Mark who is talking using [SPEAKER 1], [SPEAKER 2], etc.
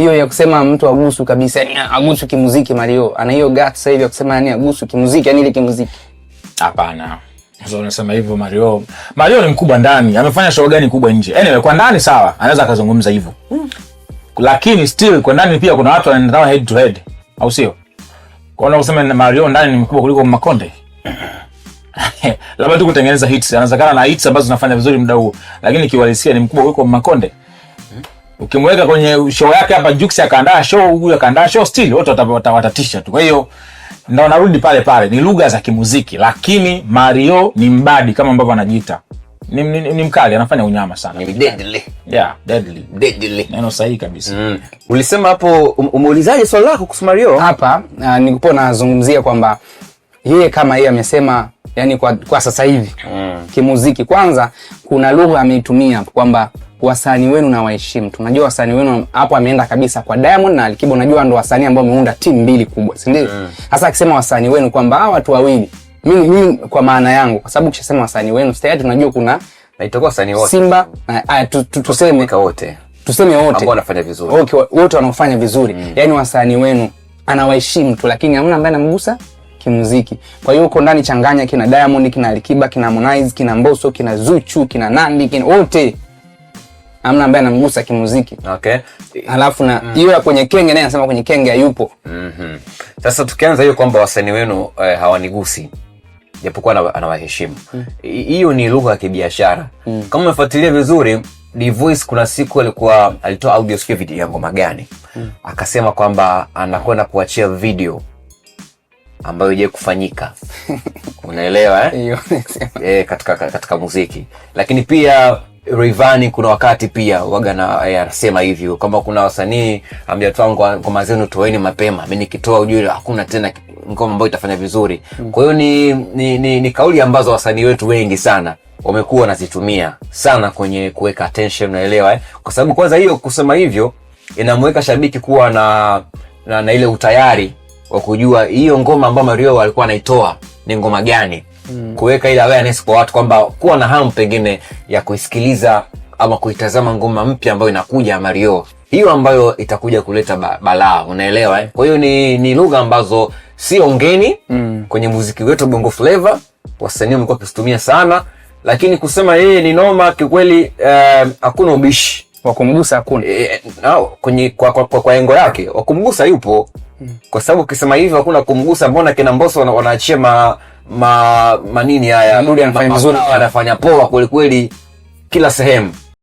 [SPEAKER 1] hiyo ya kusema mtu agusu kabisa, yani eh, agusu kimuziki. Mario ana hiyo gat sasa hivi ya kusema yani agusu kimuziki, yani ile kimuziki.
[SPEAKER 2] Hapana, sasa unasema hivyo Mario. Mario ni mkubwa ndani, amefanya show gani kubwa nje? Anyway, kwa ndani sawa, anaweza akazungumza hivyo mm. Lakini still kwa ndani pia kuna watu wanaendana head to head, au sio? Kwa nini unasema Mario ndani ni mkubwa kuliko Makonde? labda tu kutengeneza hits, anawezekana na hits ambazo zinafanya vizuri muda huo, lakini kiwalisia ni mkubwa kuliko Makonde ukimweka kwenye show yake hapa Jux akaandaa show, huyu akaandaa show, still wote wata tu. Kwa hiyo ndo narudi pale pale, ni lugha za kimuziki, lakini Mario ni mbadi kama ambavyo anajiita ni, ni, ni mkali, anafanya unyama sana,
[SPEAKER 1] ni deadly.
[SPEAKER 2] Yeah, deadly, deadly, neno sahihi kabisa. Mm.
[SPEAKER 1] Ulisema hapo, um, umeulizaje swali lako kuhusu Mario
[SPEAKER 3] hapa? Uh, nilikuwa nazungumzia kwamba yeye kama yeye amesema yani kwa, kwa sasa hivi mm. kimuziki kwanza kuna lugha ameitumia kwamba wasanii wenu na waheshimu. Tunajua wasanii wenu hapo ameenda kabisa kwa Diamond na Alikiba, unajua ndo wasanii ambao wameunda timu mbili kubwa, si ndio? Sasa mm. akisema wasanii wenu kwamba hawa watu wawili, mimi mimi kwa maana yangu, kwa sababu ukishasema wasanii wenu tayari tunajua kuna
[SPEAKER 1] na itakuwa wasanii wote
[SPEAKER 3] Simba na ah, tuseme kwa wote tuseme wote ambao
[SPEAKER 1] wanafanya vizuri,
[SPEAKER 3] okay, wote wanaofanya vizuri mm. Yani wasanii wenu anawaheshimu tu, lakini hamna ambaye anamgusa kimuziki. Kwa hiyo uko ndani changanya kina Diamond, kina Alikiba, kina Harmonize, kina mboso kina Zuchu, kina nandi kina wote amna ambaye anamgusa kimuziki. Okay. Halafu na mm. yule kwenye kenge naye anasema kwenye kenge hayupo. mm
[SPEAKER 1] -hmm. Sasa tukianza hiyo kwamba wasanii wenu eh, hawanigusi japokuwa anawaheshimu. Mm. Hiyo mm. ni lugha ya kibiashara. Mm. Kama umefuatilia vizuri D Voice kuna siku alikuwa alitoa audio sikia video ya ngoma gani? Mm. Akasema kwamba anakwenda kuachia video ambayo je kufanyika. Unaelewa eh? eh katika katika muziki. Lakini pia Rayvanny kuna wakati pia waga na yasema eh, hivyo kwamba kuna wasanii amjatoa ngoma zenu, toeni mapema, mimi nikitoa ujue hakuna tena ngoma ambayo itafanya vizuri. Mm. Kwa hiyo ni, ni, ni, ni kauli ambazo wasanii wetu wengi sana wamekuwa wanazitumia sana kwenye kuweka attention, naelewa eh? Kwa sababu kwanza hiyo kusema hivyo inamweka shabiki kuwa na, na, na ile utayari wa kujua hiyo ngoma ambayo Mario alikuwa anaitoa ni ngoma gani mm. kuweka ile awareness kwa watu kwamba kuwa na hamu pengine ya kuisikiliza ama kuitazama ngoma mpya ambayo inakuja Mario, hiyo ambayo itakuja kuleta ba balaa, unaelewa eh? Kwa hiyo ni, ni lugha ambazo sio ngeni mm. kwenye muziki wetu Bongo Flava, wasanii wamekuwa wakizitumia sana, lakini kusema yeye ni noma kikweli, eh, hakuna eh, ubishi
[SPEAKER 3] wa kumgusa hakuna e, eh, eh,
[SPEAKER 1] no, kwenye kwa, kwa, kwa, kwa engo yake wa kumgusa yupo, mm. kwa sababu ukisema hivyo hakuna kumgusa, mbona kina mboso wanaachia ma ma manini haya,
[SPEAKER 3] mm.
[SPEAKER 1] anafanya poa kwelikweli kila sehemu.